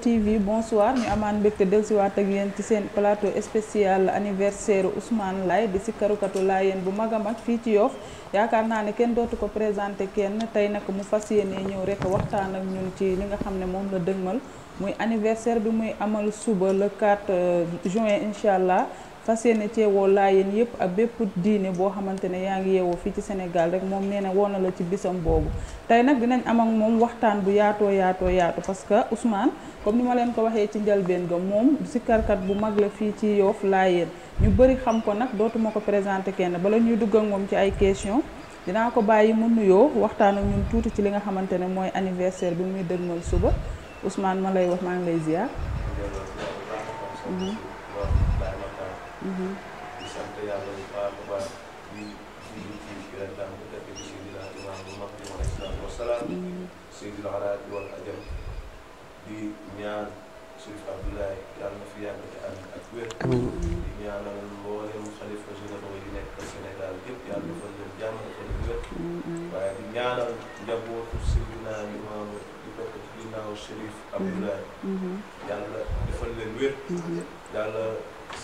TV bonsoir ñu amaan mbégte dellusiwaat ak yéen ci seen plateau spécial anniversaire Ousmane laay di si karukatu laayeen bu mag a mag fii ci Yoff yaakaar naa ne kenn dootu ko présenté kenn tey nag mu fas yéenee ñëw rek waxtaan ak ñun ci li nga xam ne moom la dëgmal muy anniversaire bi muy amal suba le 4 euh, juin incha allah. fas yéene ceewoo laayeen yëpp ak bépp diine boo xamante ne yaa ngi yeewoo fii ci senegal rek moom nee na woon na la ci bisam boobu tey nag dinañ am moom waxtaan bu yaatoo yaatoo yaatu parce que Ousmane comme ni ma leen ko waxee ci njalbeen ga moom sikkarkat bu mag la fii ci Yoff laayeen ñu bëri xam ko nag dootuma ko présenté kenn bala ñuy dugg ak moom ci ay question dinaa ko bàyyi mu nuyoo waxtaan ak ñun tuuti ci li nga xamante ne mooy anniversaire bi muy dëgmal suba Ousmane ma lay maa ngi lay ziar. Mhm. di sant yàlla bu baax a baax di di ci yenn temps bu def ci Seydina Imaam bu mag bi alayhi wa salaam mhm. Seydil Arabi wal Ajam di ñaan Chérif Abdoulaye yàlla na fi yàgg te ànd ak wér. di ñaanal mboolem xalifa mhm. yàlla defal leen jàmm yàlla.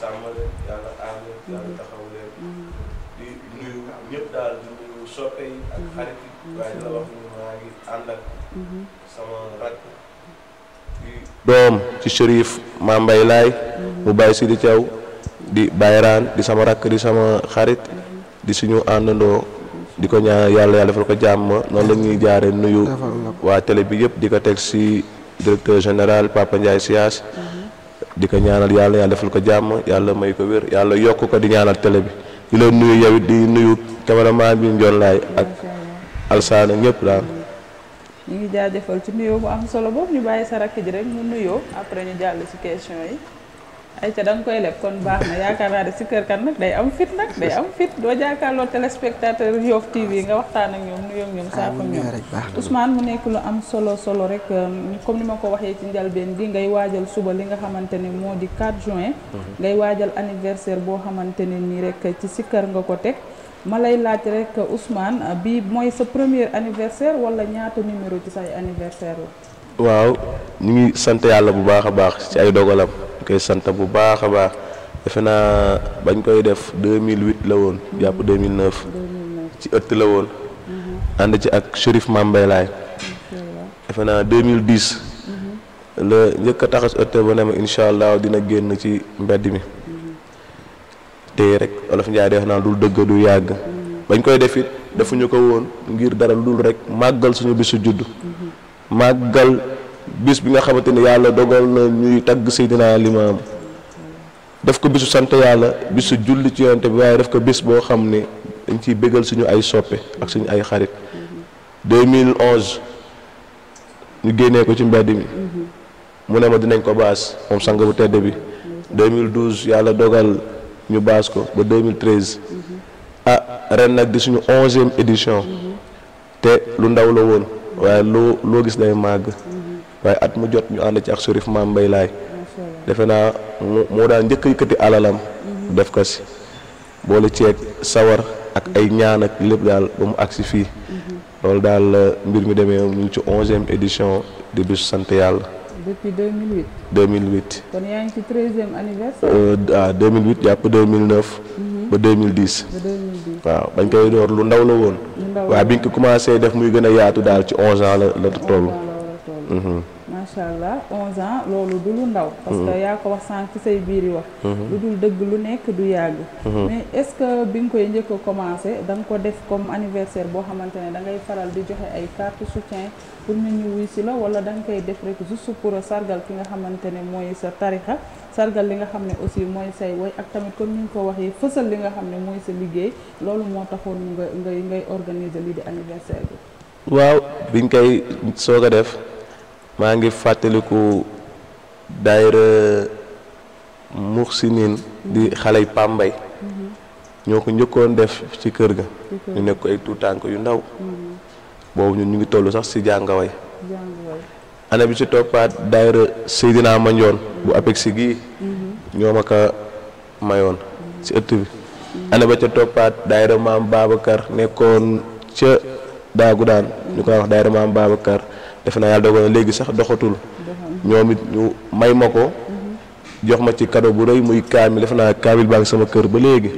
sàmm yàlla aar yàlla mm-hmm. mm-hmm. di nuyu ñëpp di nuyu soppe yi ak xarit sama rakk doom ci Chérif Mame Mbaye mm-hmm. mu bay Sidi di bayran di sama rak di sama xarit di suñu andando di ko ñaan yalla yalla defal ko jamm non la ñuy jaare nuyu wa télé bi di ko teg directeur général Papa Ndiaye Sias di ko ñaanal yàlla yàlla defal ko jàmm yàlla may ko wér yàlla yokk ko di ñaanal tele bi di la nuyu yow di nuyu cameraman bi Ndiol Laye ak Alsane ñëpp daal. ñu ngi jaajëfal ci nuyoo bu am solo boobu ñu bàyyi sa rakk ji rek mu nuyoo après ñu jàll ci question yi. ay da nga koy leb kon baax na yaakaar naa ne si kër kan nag day am fit nag day am fit doo jàkkaarloo téléspectateur Yoff TV nga waxtaan ak ñoom nuyoo ak ñoom ah, saako ñoom Ousmane mu nekk lu am solo solo rek euh, comme ni ma ko waxee ci njalbeen gi ngay waajal suba li nga xamante ne moo di quatre juin mhm. ngay waajal anniversaire boo xamante ne nii rek ci si kër nga ko teg ma lay laaj rek Ousmane euh, bi mooy sa premier anniversaire wala ñaata numéro ci sa anniversaire la sant yàlla bu baax a baax ci ay koy sant bu baax a baax defena koy def 2008 la woon jàpp 2009 ci ëtt la woon mhm. ànd ci ak Chérif Mambay laay defena 2010 le mhm. njëkk a taxas ëtt ba ne ma incha allah dina génn ci mbedd mi mhm. te rek olof Ndiaye def naa dul dëgg du yàgg bañ koy def defuñu ko woon ngir dara lu dul rek màggal suñu bisu judd màggal bis bi nga xamante ni yàlla dogal na ñuy tagg Seydina Limaam daf ko bisu sant yàlla bisu julli ci yonent bi waaye daf ko bis boo xam ne dañ ciy bégal suñu ay soppe ak suñu ay xarit 2011 ñu génnee ko ci mbedd mi mu ne ma dinañ ko baas moom sang bu tedd bi 2012 yàlla dogal ñu baas ko ba 2013 ah ren nag di suñu onzième édition te lu ndaw la woon waaye loo loo gis day màgg waaye at mu jot ñu ànd ci ak Chérif Mame Mbaye defe naa moo daan njëkk yëkkati alalam mhm. def ko si boole ceeg sawar ak ay ñaan ak lépp daal ba mu agsi fii mhm. loolu daal mbir mi demee mu ci onzième édition di bisu sant yàlla depuis 2008 2008 kon yaa ngi ci treizième anniversaire euh, ah 2008 jàpp 2009 mhm. ba waaw bañ koy door lu ndaw la woon waaye biñ ko commencé def muy gën a yaatu daal ci onze ans la la macha allah 11 ans loolu du lu ndaw. parce yaa ko wax sànq ci say biir yi wax. lu dul dëgg lu nekk du yàgg. mais est-ce que bi nga koy njëkk a commencé da nga ko def comme anniversaire boo xamante ne da ngay faral di joxe ay carte soutien pour nit ñi wuy si la wala da koy def rek juste pour sargal ki nga xamante ne mooy sa tarixa sargal li nga xam ne aussi mooy say woy ak tamit comme nu ñu ko waxee fësal li nga xam ne mooy sa liggéey loolu moo taxoon nga ngay ngay organiser lii di anniversaire bi. waaw biñ maa ngi fàttaliku si muxsinin di xale yi pàmbay mm-hmm. ñoo ko njëkkoon def ci kër ga mm-hmm. ñu nekk ay tuutànk yu ndaw mm-hmm. boobu ñun ñu ngi toll sax si jàngaway année bi ci toppaat daayira Seydina Mandione bu APEX si gii ñoo ma mayoon si ëtt bi année ba ca toppaat daayira maam Babacar nekkoon ca daagu daan ñu koy wax daayira maam Babacar defe naa yàlla dogal léegi sax doxatul ñoom it ñu may ma ko jox ma ci cadeau bu rëy muy kaamil defe naa kaamil baa ngi sama kër ba léegi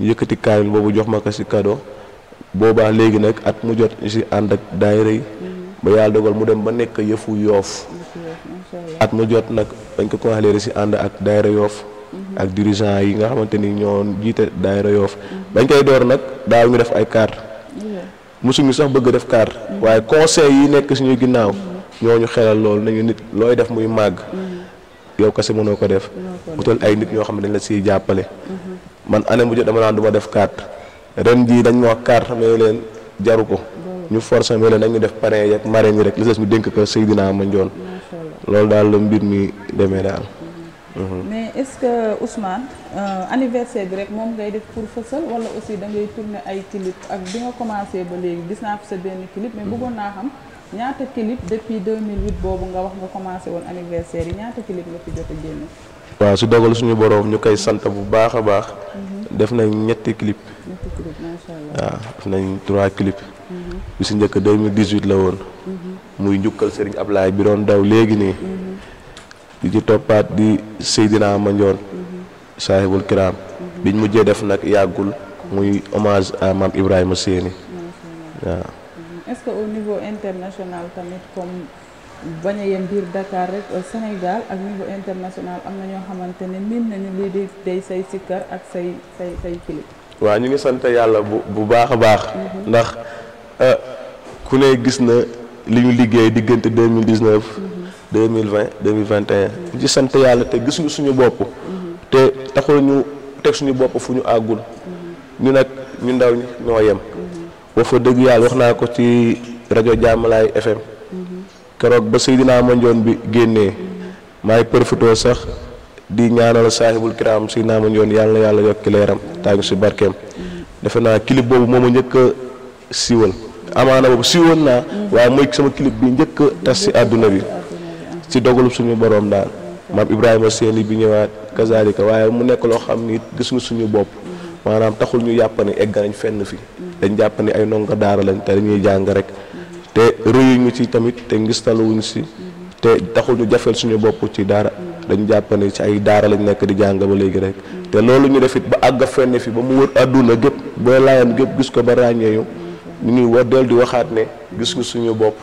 ñu yëkkati kaamil boobu jox ma ko si cadeau boobaa léegi nag at mu jot si ànd ak daayira yi ba yàlla dogal mu dem ba nekk yëfu yoof at mu jot nag dañ ko conseillé si ànd ak daayira yoof ak dirigeant yi nga xamante ni ñoo jiite daayira yoof dañ koy door nag daaw ñu def ay carte mosuñu sax bëgg def kaar waaye conseil yi nekk suñu ginnaaw ñooñu xelal loolu nañu nit looy def muy màgg yow kese mënoo ko def utal ay nit ñoo xam ne dañu la siy jàppale man année bu jot dama naan du ma def carte ren jii dañ ma wax carte leen jaru ko ñu forse mais leen dañu def parrain yeeg marraine yi rek li des ñu dénk ko Seydina Mandione loolu daal la mbir mi demee daal Mm-hmm. mais est-ce que euh, anniversaire bi rek moom ngay def pour fësal wala aussi da ngay ay clip ak bi nga commencé ba léegi gis naa fi sa benn clip. mais mm-hmm. bëggoon naa xam ñaata clip depuis 2008 boobu nga wax nga commencé woon anniversaire yi ñaata clip nga fi jot a génne. waaw si dogal suñu boroom ñu koy sant bu baax a baax. Mm-hmm. def nañ ñetti kilip ñetti clip macha allah waaw def nañ trois clip. bi si njëkk 2018 la woon. muy njukkal Serigne Ablaye bi doon daw léegi nii. di ci toppaat di Seydina Mandione saahibul kiraam biñ mujjee def nag yàggul muy hommage à maam Ibrahima Séni waaw. est niveau international tamit comme bañ a biir Dakar rek euh, Sénégal ak niveau international am na ñoo xamante ne nañu luy di day say sikkar ak say say say clip. waaw ñu ngi sant yàlla bu bu baax a baax. Mhm. ndax euh, ku ne gis na li ñu liggéey diggante deux 2020 2021 ci sant yàlla te gis nga suñu bopp te taxul ñu teg suñu bopp fu ñu àggul ñu nag ñu ndaw ñoo yem wax fa dëgg yàlla wax naa ko ci rajo Jaamalaay FM keroog ba Seydina Mandione bi génnee maay profité sax di ñaanal saahibul kiram Seydina Mandione yàlla na yàlla yokki leeram tàggu si barkeem defe naa clip boobu moom a njëkk a siiwal amaana boobu siiwal naa waaye mooy sama clip bi njëkk a tas si bi ci dogalub suñu borom daal mam ibrahima seeli bi ñewaat kazalika waye mu nekk lo xamni gis nga suñu bop manam taxul ñu jàpp egg nañ fenn fi dañ japp ne ay nonga daara lañ te ñuy jang rek te ñu ci tamit te wuñ ci te taxul ñu jafel suñu bop ci daara dañ japp ne ci ay daara lañ nekk di jang ba léegi rek te lolu ñu defit ba àgg fenn fi ba mu wër aduna gep bo layam gep gis ko ba rañeyu ñu ngi wa di waxaat ne gis nga suñu bop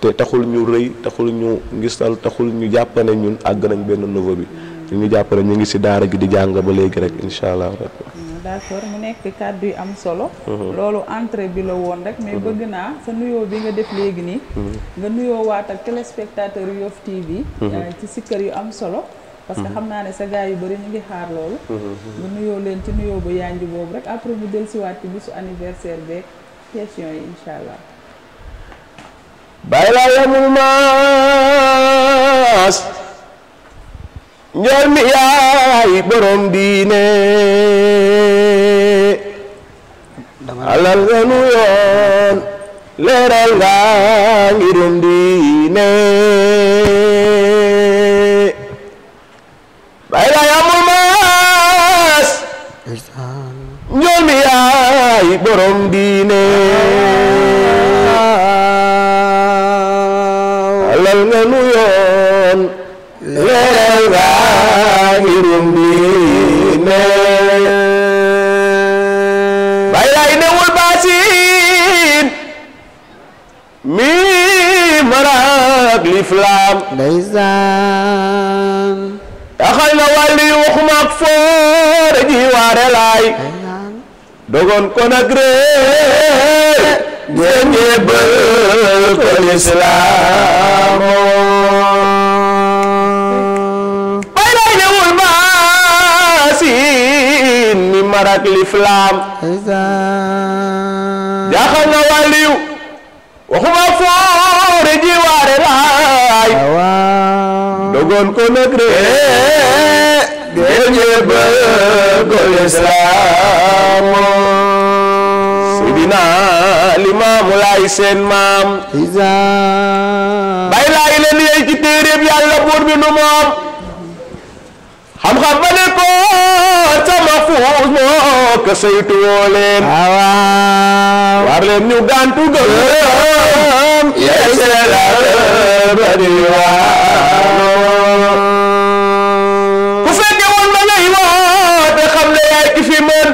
te taxul ñu rëy taxul ñu ngi ngistal taxul ñu jàpp ne ñun àgg nañ benn niveau bi ñu ngi jàpp ñu ngi si daara gi di jàng ba léegi rek incha allah. Mm, d'accord mu nekk kàddu yu am solo. Mm-hmm. loolu entrée bi la woon rek. mais mm-hmm. bëgg naa sa nuyoo bi nga def léegi nii. Mm-hmm. nga nuyoo waat ak téléspectateur Yoff TV. Euh, ci sikkar yu am solo. parce que xam naa ne sa gars yu bëri ñu ngi xaar loolu. nga nuyoo leen ci nuyoo bu yanj boobu rek après ñu dellusiwaat ci bisu anniversaire beeg question yi incha allah. bàyyi laa yamul maas njool mi yaay borom diine alal nga nu yoon leeral nga ngirum diine bàyyi laa yamul maas njool mi yaay borom diine lislaam ndeysaan taxal na wàllu yu waxuma foore ji waare laay dogon ko nag réer ñee ñee bël ko lislaam safara ak lislaam jaaxal na wàlliyu waxuma foore ji waare laay ah, dogoon ko nag ree géeje bëggo lislaam sidina limaamu laay seen maam bay laay leen yeey ci téeréeb yàlla buur bi nu moom xam-xam ba lépp fuus moo ko saytu woo leen war leen ñu gàntu gëm yeese la bari waalo ku fekke woon ma ngay woote xam ne yaay ki fi mën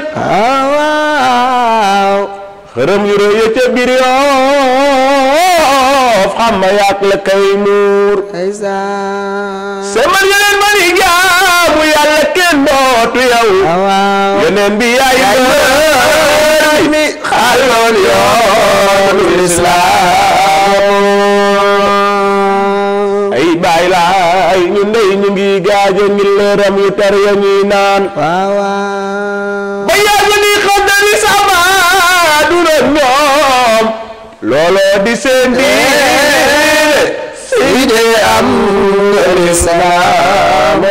xërëm yu rëy ca biir yoof xam ma yàq la kay muur sama yeneen ma ni jaar jaamu yàlla kenn dootu yow yeneen bi yaay bër mi xaloon yoonu lislaam ay baay laay ñu ndey ñu ngi gaajo ngi leeram yu tar ya ñuy naan ba yàgg ni xaddari sama du doon ñoom looloo di di سيد أمر الإسلام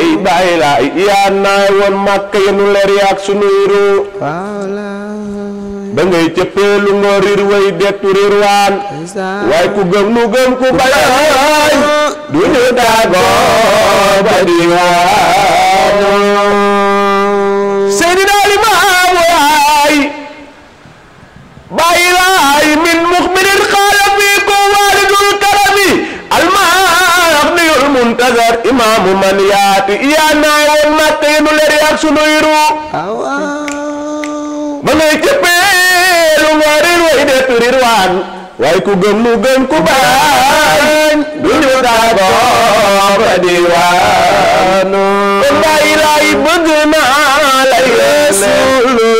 ay bàyyi laa yaa naay woon màkk yenu leer yaag sunuy ruu da ngay cëppeelu nga riir way dettu riir waan waaye ku gëm nu gëm ku bayaay du ñu tàggoo ba di waan Seydina Limaamu Laay bàyyi muntazar imam man yaati yaa naa woon màkk yi nu leer yaag sunuy ru ba ngay cëppee lu nga rir way det rir ku gem lu gem ku bañ du ñu ta go di waanu kon bàyyi laay bëgg naa la yeesulu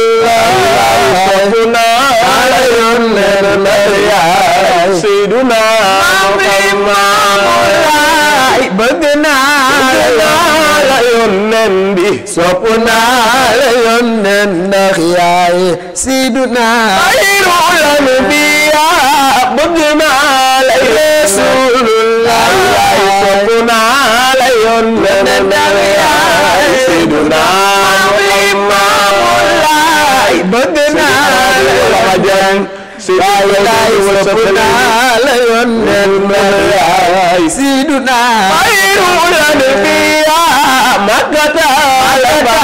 sofu la yoon leen Muhammad bëgg naa la yónneen bi sopp naa la yónneen ndax yaay siduna xayrul anbiya bëgg naa la rasulullah yaay sopp naa la yónneen ndax yaay siduna imaamullah bëgg naa la Sayyiduna Yusufuna la yónneen ba yaay Sayyiduna xayrul anbiya makkata alaba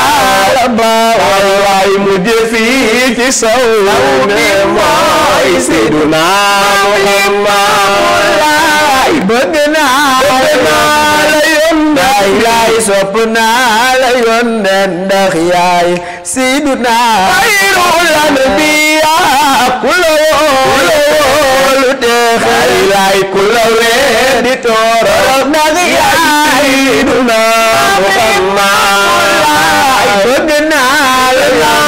wallaay mu jëfi ci saw mi mooy Sayyiduna Muhammad wallaay bëgg naa yaay laay sopp naa la yónneen ndax yaay siiduna xayrul anbiyaa ku la wóolu te xay ku la weddi tooro ndax yaay siiduna Muhammad bëgg naa la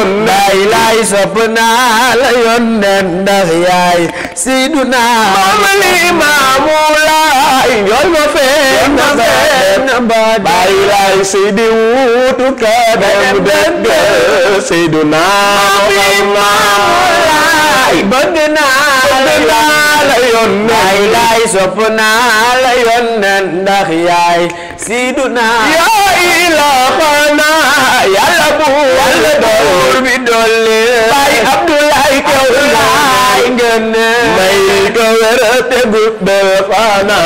yoon laay laay sopp naa la yoon nen ndax yaay Seydina moom limaamu laay yoon ma feeñ na feeñ na baat baay laay Seydi wuutu kadam dëgg Seydina moom limaamu laay bëgg naa la la yónnee ay daay sopp naa la yónnee ndax yaay siiduna yaa ilaahana yàlla buur buur bi dolli bay Abdoulaye Kew laay ngenne may ko wér te guddal fana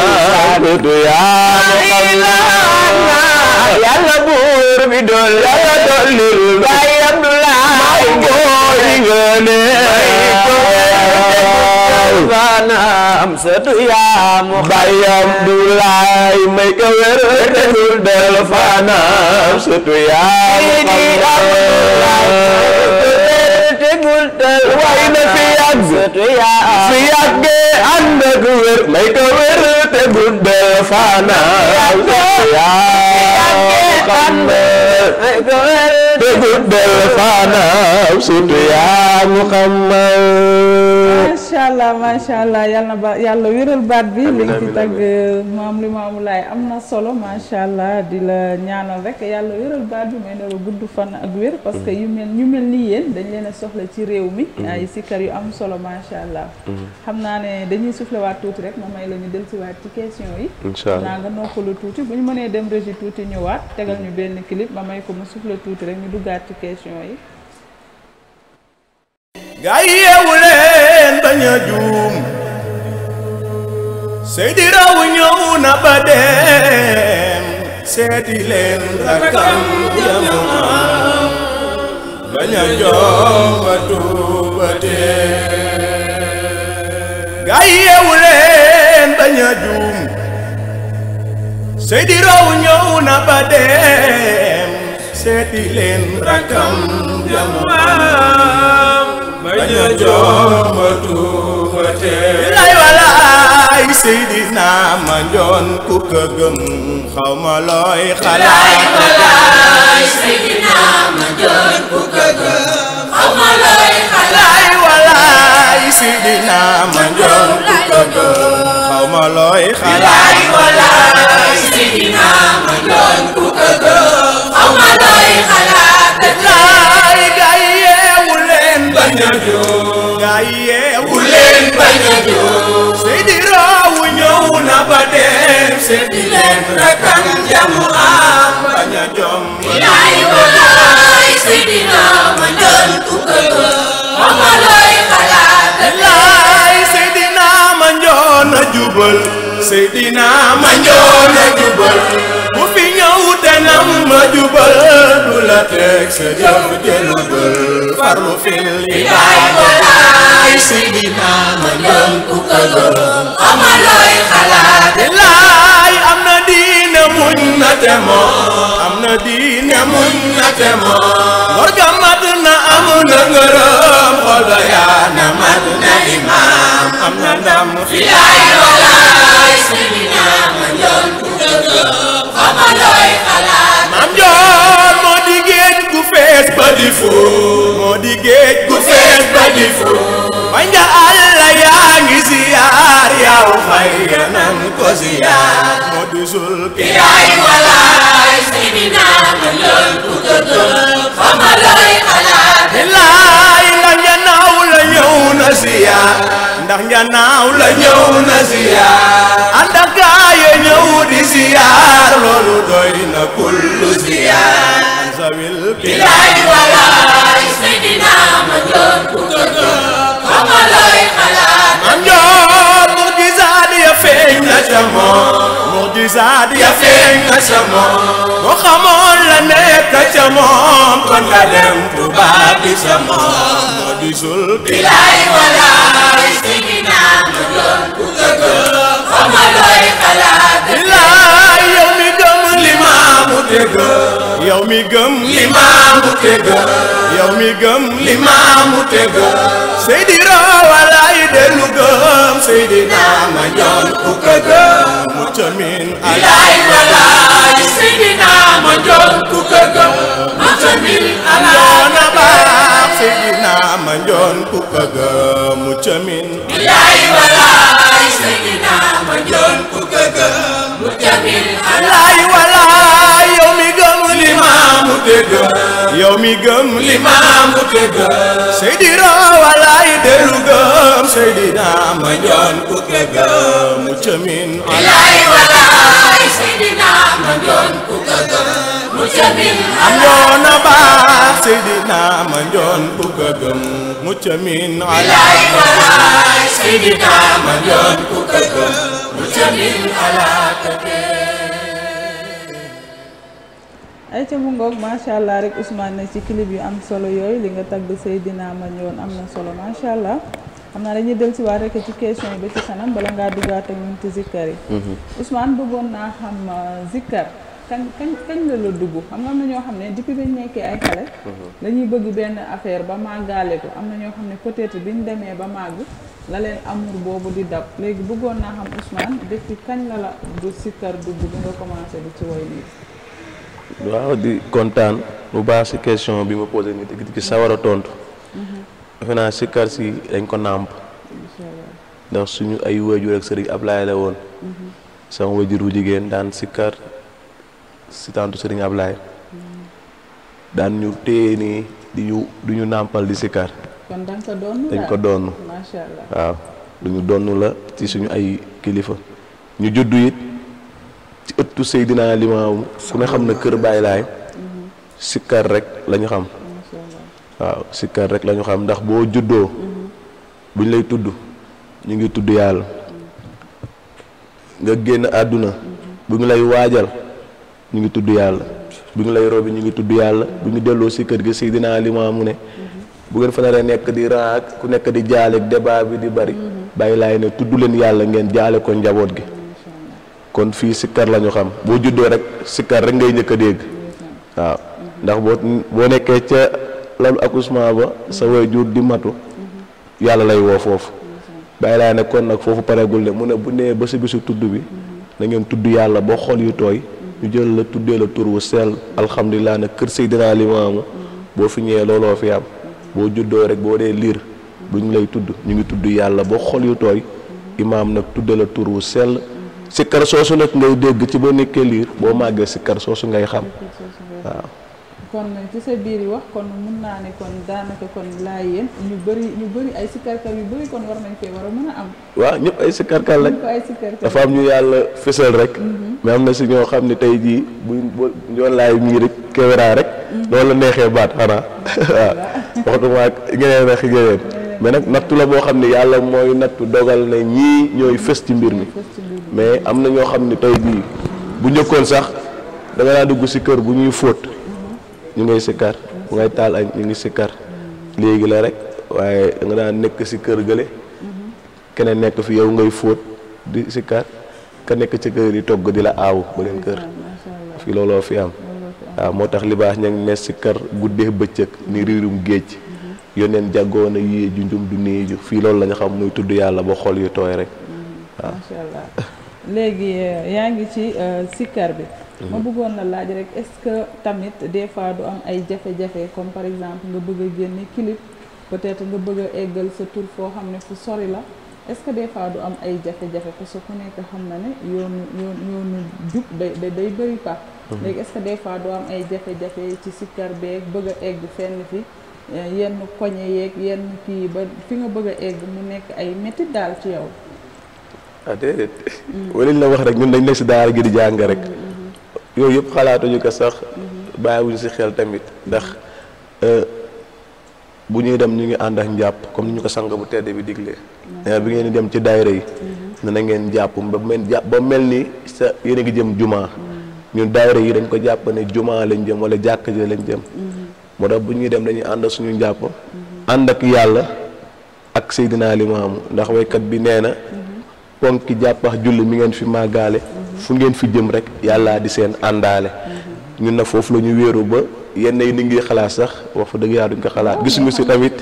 guddu yaa ilaahana yàlla buur bi dolli yàlla dolli bay Abdoulaye am sët yaa mu bay Abdoulaye may ka wér dégul del fana am sët yaa mu dégul del way na fi yàgg fi yàggee ànd ak wér may ka wér dégul del fana am sët yaa xam te guddal fanaaw surtout yaa Muhammad macha allah macha allah yal na ba yàlla wéral baat bi li nga ci maam li maamu laay am na solo macha allah di la ñaanal rek yàlla wéral baat bi may ne la gudd fan ak wér parce que yu mel ñu mel ni yéen dañ leen a soxla ci réew mi mhm. ay sikkar yu am solo macha allah mhm. xam naa ne dañuy soufflé tuuti rek ma may la ñu waat ci question yi incha allah naa nga noppalu tuuti bu ñu mënee dem régi tuuti ñëwaat tegal tëggal ñu benn clip Raw ñëw na ba dem seeti leen rakam jamono bañ a ba tee gaa yi yeewu leen bañ Sẽ đi Seydina ñëw na ba dem seeti leen rakam jamaam ba ñu jombatu ba tey lay walaay Seydina ma njoon ku ko gëm xaw ma looy xalaat lay walaay Seydina ma njoon ku ko gëm xaw ma looy xalaat lay walaay Seydina ma njoon ku ko gëm xaw ma looy xalaat séddi leen rakam jamu am bañ a jom. bilaay walaay séddina ma doon tukkal ko ma looy xalaat. bilaay séddina ma njoon a jubal. séddina ma njoon a jubal. bu fi ñëw danam ma jubal. du la teg sa jëf jëlubal. farlu fil bilaay walaay séddina ma doon tukkal ko ma looy xalaat. na te moo am na diine muñ na te moo ngor ga mat na amu na ngërëm xol ba yaa na mat na imaam am na ndam fi laay walaay Seydina ma njoon ku dëgg xama looy xalaat ma njoon moo di géej gu fees ba di fóot moo di géej gu fees ba di fóot bañ nga àlla yaa ngi si yaa yaw fay nan ko ziyaar modizul bilaay walaay sidina lol ku dëddul xamalay xalaat bilaay la njanaaw la ñëw na ziyaar ndax njanaaw la ñëw na ziyaar ànd ak gaaye ñëw di ziyaar loolu doy na kullu ziya zawil bilaay walaay jamono mujjisaat ya feeñ na ca moom ku xamoon la nekk ca moom kon nga dem Tuuba bi ca moom moo di sul bilaay walaay si ginnaaw mu doon ku gëgër xamalooy xalaat Kéba yow mi gëm Limaamu Kéba yow mi gëm Limaamu Kéba Seydina walaay dellu gëm Seydina ma njool ku ko gëm mucc min alaay walaay Seydina ma njool ku ko gëm mucc min alaay baax Seydina ma njool ku ko gëm mucc min alaay walaay Seydina ma njool ku ko gëm mucc min alaay te gëm yow mi gëm limaamu te gëm Seydina walaay dellu gëm Seydina ma njoon ku te gëm muccamin alaay walaay Seydina ma njoon ku te gëm muccamin anjoona baax Seydina ma njoon ku te gëm ay ca bu ngoog macha allah rek Ousmane na ci clip yi am solo yooyu li nga tagg Seydina Mandione am na solo macha allah xam naa dañuy del si waat rek ci question yi ba ci kanam bala ngaa duggaat ak ñun ci zikkar yi mhm. Ousmane bëggoon naa xam euh, zikkar kañ kañ kañ la la dugg xam nga am na ñoo xam ne depuis bañ nekkee ay xale mhm. dañuy bëgg benn affaire ba màggaale ko am na ñoo xam ne peut-être biñ demee ba màgg la leen amour boobu di dab léegi bëggoon naa xam Ousmane depuis kañ la la du sikkar dugg bi nga commencé di ci woy lii waaw di kontaan lu baax si question bi ma posé nit ki sa war a tontu. Mhm. defe naa sikkar si dañ ko nàmp. ndax suñu ay waajur ak sëriñ Ablaye la woon. Mhm. sama waajur bu jigéen daan sikkar si tantu sëriñ Ablaye. Mhm. daan ñu téye nii di ñu du ñu nàmpal di sikkar. kon dañ ko doon allah waaw du ñu doon la ci suñu ay kilifa. ñu juddu it. ci ëttu Seydina Limaamu ku ne xam na kër Baay Laay mhm. sikkar rek lañu xam waaw sikkar rek lañu xam ndax boo juddoo mhm. buñ lay tudd ñu ngi tudd yàlla nga génn àdduna mhm. bu ñu lay waajal ñu ngi tudd yàlla bu ñu lay robi ñu ngi tudd yàlla bu ñu delloo si kër gi Seydina Limaamu ne bu ngeen fa naree nekk di raak ku nekk di jaale débat bi di bari bàyyi laay ne tudd leen yàlla ngeen jaale ko njaboot gi kon fii sikkar la ñu xam boo juddoo rek sikkar rek ngay njëkk a dégg waaw ndax boo boo nekkee ca lalu accouchement ba sa way jur di matu yàlla lay woo foofu bàyyi laa ne kon nag foofu pareegul de mu ne bu nee ba si bisu tudd bi na ngeen tudd yàlla ba xol yu tooy ñu jël la tuddee la tuur wu seel alhamdulilah nag kër Seydina Limaamu boo fi ñëwee looloo fi am boo juddoo rek boo dee liir bu ñu lay tudd ñu ngi tudd yàlla ba xol yu tooy imaam nag tuddee la ci kër soso nak ngay dégg ci bo nekké lire bo maggé ci kër soso ngay xam waaw kon ci sa biir yi wax kon mën na né kon daanaka kon laa yeen ñu bari ñu bari ay sikkarkar yu bari kon war nañ fee war a mën a am waaw ñëpp ay sikkarkar rek dafa am ñu yalla fessel rek mhm. mais am na ci ño xamni tay tey bu ñoon lay mi rek caméra rek loolu mhm. la neexee baat ara mhm. waaw waxtuma ak ñeneen ak ñeneen mais nak nattu la bo xamni yalla moy nattu dogal na ñi ñoy fess ci mbir mi mais am na ñoo xam ne tey bii bu njëkkoon sax danga nga dugg si kër bu ñuy fóot ñu ngay sikkar bu ngay taal añ ñu ngi kar léegi la rek waaye danga nga nekk si kër gële keneen nekk fi yow ngay fóot di sikkar ka nekk ci kër yi togg di la aaw beneen kër fii looloo fi am waaw moo tax libaas ñag ne ne sikkar guddee bëccëg ni riirum géej yoneen jàggoon a yéeju njum du néeju fii loolu la nga xam muy tudd yàlla ba xol yu tooy rek waaw léegi euh, yaa ngi ci euh, sikkar bi mhm. ma bëggoon na laaj rek est-ce que tamit des fois du am ay jafe-jafe comme par exemple nga bëgg a génne clip peut-être nga bëgg eggal sa tur foo xam ne fu sori la est-ce que des fois du am ay jafe-jafe parce xam na ne yoonu yoon yoonu jub day day bëri mhm. des fois du ay jafe-jafe ci sikkar beeg bëgg egg fenn fi euh, yenn koñe yeeg yenn kii ba fi nga bëgg a egg mu nekk ay métti daal ci yow ah déedéet wala la wax rek ñun dañ nekk si daara gi di jàng rek yooyu yëpp xalaatuñu ko sax bàyyiwuñ si xel tamit ndax euh, bu ñuy dem ñu ngi ànd ak njàpp comme ni ñu ko sang bu tedd bi digle mm-hmm. nee bi ngeen dem ci daayira yi mm-hmm. ne na ngeen jàpp ba mel mel ni sa yéen a jëm jumaa mm-hmm. ñun daayira yi dañ ko jàpp ne jumaa lañ jëm wala jàkk ji lañ jëm moo tax bu ñuy dem dañuy ànd suñu njàpp ànd ak yàlla ak li Limaamu ndax waykat bi nee na ponk jàppax julli mi ngeen fi màggaale fu ngeen fi jëm rek yàllaa di seen àndaale ñun na foofu la ñu wéeru ba yenn yi ni ngi xalaat sax wax fa dëgg yàlla duñ ko xalaat gisuñu si tamit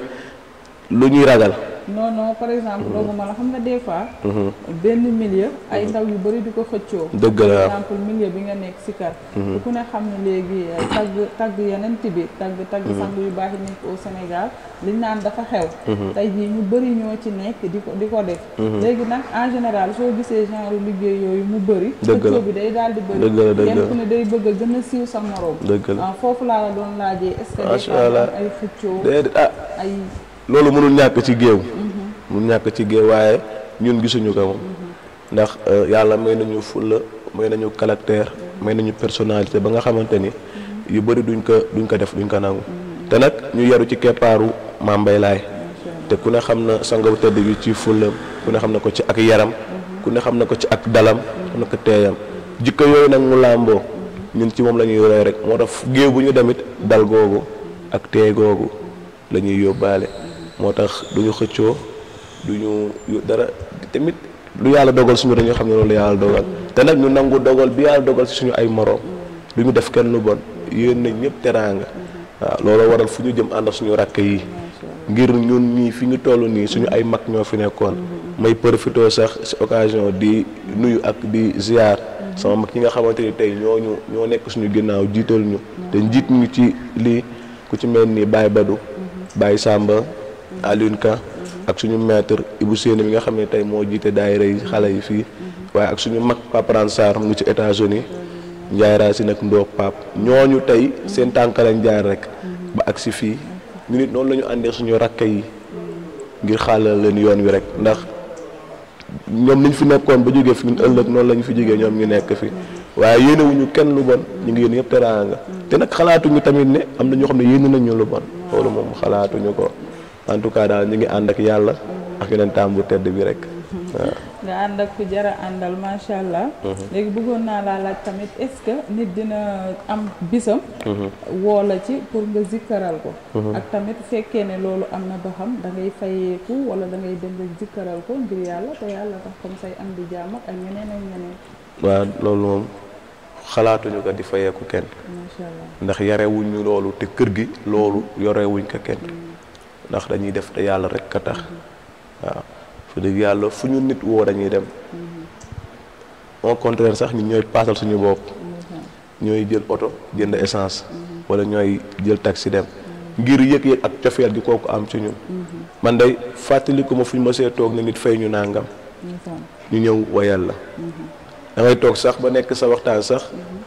lu ñuy ragal non par exemple doogu mhm. ma la xam nga des fois mhm. benn milieu ay ndaw yu bëri di ko xëccoo dëgg la par exemple milieu bi nga nekk sikar mhm. ku ne xam ne léegi eh, tag tagg yenent bi tagg tagg sang yu baax yi nekk au Sénégal liñ naan dafa xew tey jii ñu bëri ñoo ci nekk di ko di ko def léegi nag en général soo gisee genre liggéey yooyu mu bëri xëccoo bi day daal di bëri kenn ku ne day bëgg a gën a siiw sa morom dëgg la ah, foofu laa la doon laajee est-ce que ay xëccoo ah. ay loolu mënul ñàkk ci géew mënul ñàkk ci géew waaye ñun gisuñu ko moom ndax euh, yàlla may nañu fulla may nañu caractère may nañu personnalité ba nga xamante ni yu bëri duñ ko duñ ko def duñ ko nangu te nag ñu yaru ci keppaaru Mame Mbaye te ku ne xam na sangaw tëdd bi ci fullam ku ne xam na ko ci ak yaram ku ne xam na ko ci ak dalam xam na ko teeyam jikko yooyu nag mu làmboo ñun ci moom la ñuy roy rek moo tax géew bu ñu demit dal googu ak teey googu la ñuy yóbbaale moo tax du ñu xëccoo du ñu dara tamit lu yàlla dogal suñu dañoo xam ne loolu yàlla dogal te nag ñu nangu dogal bi yàlla dogal si suñu ay moroom mm-hmm. du ñu def kenn lu bon yéen nañ ñëpp teraanga mm-hmm. waaw loolu waral fu ñu jëm ànd ak suñu rakk yi mm-hmm. ngir ñun nii fi ñu toll nii suñu ay mag ñoo fi nekkoon may profité sax si occasion di nuyu ak di ziar sama mag ñi nga xamante ni tey ñooñu ñoo nekk suñu ginnaaw jiital ñu te njiit ñu ci lii ku ci mel nii Baye Badou Alioune Ka ak suñu maître Ibou Sène mi nga xam ne tey moo jiite daayira yi xale yi fii waaye ak suñu mag Pape Ransar mu ngi ci États-Unis Ndiaye Racine ak Ndoo ñoo ñu tey seen tànk lañ jaar rek ba ak si fii ñu nit noonu la ñu àndee suñu rakk yi ngir xaalal leen yoon wi rek ndax ñoom niñ fi nekkoon ba jógee fi ñun ëllëg noonu la fi jógee ñoom ñu nekk fi waaye yéenewuñu kenn lu bon ñu ngi yéen yëpp teraanga te nag xalaatuñu tamit ni am na ñoo xam ne yéene nañ moom xalaatuñu ko. en tout cas daal ñu ngi ànd ak yàlla ak yeneen taam bu tedd bi rek nga ànd ak ku jara àndal macha allah. Mhm. léegi bëggoon naa laa laaj tamit est-ce nit dina am bisam. Mhm. woo ci pour nga zikkaral ko. Mhm. ak tamit fekkee ne loolu am na ba xam dangay ngay fayeeku wala da ngay dem rek ko ngir yàlla te yàlla tax comme say am di jàmm ak ñeneen ak ñeneen. waaw loolu moom xalaatuñu ko di fayeeku kenn. macha allah ndax yarewuñu loolu te kër gi loolu yorewuñ ko kenn. Mm. ndax dañuy def te yàlla rek a tax waaw fu dëgg yàlla fu ñu nit woo dañuy dem mm-hmm. au contraire sax ñi ñooy paasal suñu bopp mm-hmm. ñooy jël oto jënd essence mm-hmm. wala ñooy jël taxi dem ngir yëg-yëg ak cofeel gi kooku am ci ñun man day fàttaliku ma fu ñu ma see toog ne nit fay ñu nangam ñu ñëw wayal la da ngay toog sax ba nekk sa waxtaan sax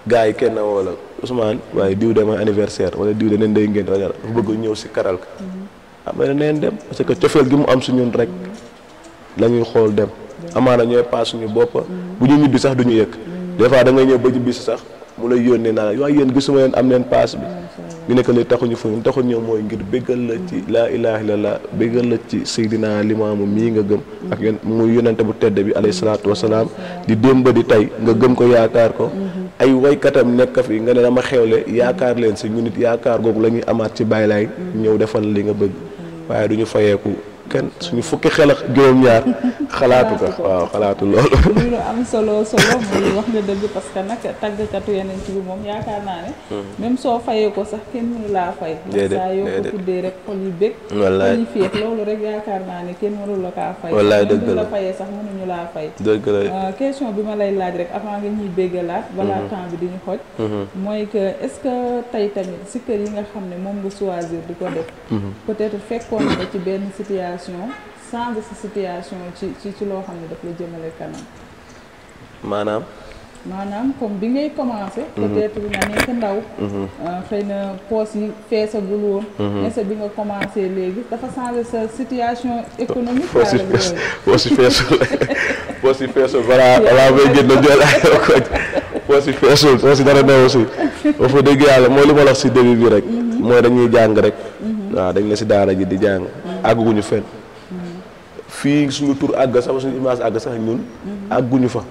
gars yi kenn woo la Ousmane waaye diw de mooy anniversaire wala diw de nen day ngénte dafa bëgg ñëw si karal amee na neen dem parce que cofeel gi mu am su suñun rek la ñuy xool dem na ñooy paas suñu bopp bu ñu ñibbi sax du ñu yëg des fois da ngay ñëw ba ñibbi si sax mu lay yónnee naa la waaye yéen gisuma leen am leen paas bi ñu nekk li taxuñu fu ñu taxuñ ñoom mooy ngir béggal la ci laa ilaha illallah béggal la ci seydina limaamu mii nga gëm ak yéen muy yonente bu tedd bi alayhi salaatu wasalaam di démb di tey nga gëm ko yaakaar ko ay waykatam nekk fi nga ne dama xewle yaakaar leen si ñu nit yaakaar googu la ñuy amaat ci bàyyi laay ñëw defal li nga bëgg waaye du ñu fayeeku kenn suñu fukki xel ak juróom-ñaar. xalaatu ko waaw xalaatu loolu. muy lu am solo solo muy wax nga dëgg parce que nag tàggkatu yeneen ci bi moom yaakaar naa ne. Hmm. même soo fayee ko sax kenn mënu laa fay. déedéet saa yoo ko tuddee rek xol yu bëgg. wallaay loolu rek yaakaar naa ne kenn mënu la kaa fay. wallaay dëgg la la fayee sax mënuñu laa fay. dëgg la euh, bi ma lay laaj rek avant nga ñuy béggalaat. balaa hmm. temps bi di ñu xoj. Hmm. mooy que est ce que tey tamit si kër yi nga xam ne moom nga choisir di ko def. peut être fekkoon nga ci benn situation. situation changer sa situation ci ci ci loo xam ne daf la jëmale kanam. maanaam. maanaam comme bi ngay commencé. Mhm. peut-être nga nekk ndaw. Mhm. Euh, xëy na poos yi feesagul woon. mais mhm. bi nga commencé léegi dafa changé sa situation économique. poos yi fees poos yi feesul poos yi feesul balaa balaa may génn jël ay koñ poos yi feesul poos yi dara newu si. boo fa dégg yàlla mooy li ma la wax si début bi rek. mooy dañuy jàng rek. waaw dañ na si daara ji di jàng àgguñu fenn fii suñu tur àgg sama suñu image àgg sax ñun àgguñu fa